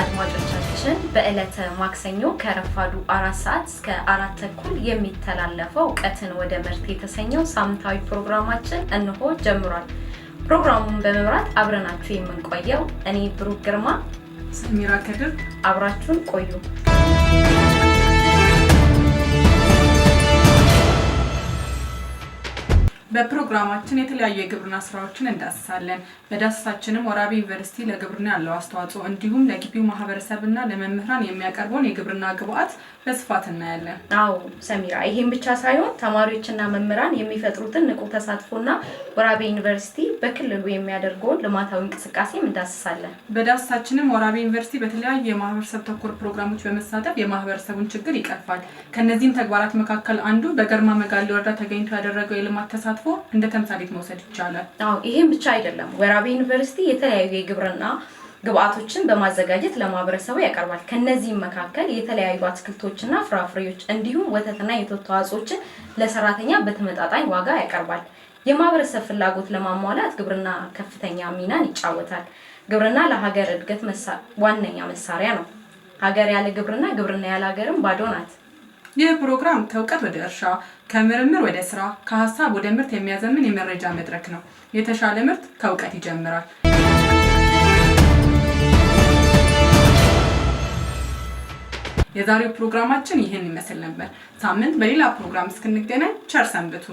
አድማጮቻችን በዕለተ ማክሰኞ ከረፋዱ አራት ሰዓት እስከ አራት ተኩል የሚተላለፈው እውቀትን ወደ ምርት የተሰኘው ሳምንታዊ ፕሮግራማችን እንሆ ጀምሯል። ፕሮግራሙን በመምራት አብረናችሁ የምንቆየው እኔ ብሩክ ግርማ፣ ሰሚራ ከድር፣ አብራችሁን ቆዩ። በፕሮግራማችን የተለያዩ የግብርና ስራዎችን እንዳስሳለን። በዳሰሳችንም ወራቤ ዩኒቨርሲቲ ለግብርና ያለው አስተዋጽኦ እንዲሁም ለግቢው ማህበረሰብና ለመምህራን የሚያቀርበውን የግብርና ግብዓት በስፋት እናያለን። አዎ ሰሚራ፣ ይሄም ብቻ ሳይሆን ተማሪዎችና መምህራን የሚፈጥሩትን ንቁ ተሳትፎና ወራቤ ዩኒቨርሲቲ በክልሉ የሚያደርገውን ልማታዊ እንቅስቃሴም እንዳስሳለን። በዳሰሳችንም ወራቤ ዩኒቨርሲቲ በተለያዩ የማህበረሰብ ተኮር ፕሮግራሞች በመሳተፍ የማህበረሰቡን ችግር ይቀርፋል። ከእነዚህም ተግባራት መካከል አንዱ በገርማ መጋሌ ወረዳ ተገኝቶ ያደረገው የልማት ተሳትፎ እንደ ተምሳሌት መውሰድ ይቻላል። አዎ ይሄም ብቻ አይደለም። ወራቤ ዩኒቨርሲቲ የተለያዩ የግብርና ግብአቶችን በማዘጋጀት ለማህበረሰቡ ያቀርባል። ከነዚህም መካከል የተለያዩ አትክልቶችና ፍራፍሬዎች እንዲሁም ወተትና የወተት ተዋጽኦችን ለሰራተኛ በተመጣጣኝ ዋጋ ያቀርባል። የማህበረሰብ ፍላጎት ለማሟላት ግብርና ከፍተኛ ሚናን ይጫወታል። ግብርና ለሀገር እድገት ዋነኛ መሳሪያ ነው። ሀገር ያለ ግብርና፣ ግብርና ያለ ሀገርም ባዶ ናት። ይህ ፕሮግራም ከእውቀት ወደ እርሻ፣ ከምርምር ወደ ስራ፣ ከሀሳብ ወደ ምርት የሚያዘምን የመረጃ መድረክ ነው። የተሻለ ምርት ከእውቀት ይጀምራል። የዛሬው ፕሮግራማችን ይህን ይመስል ነበር። ሳምንት በሌላ ፕሮግራም እስክንገናኝ ቸር ሰንብቱ።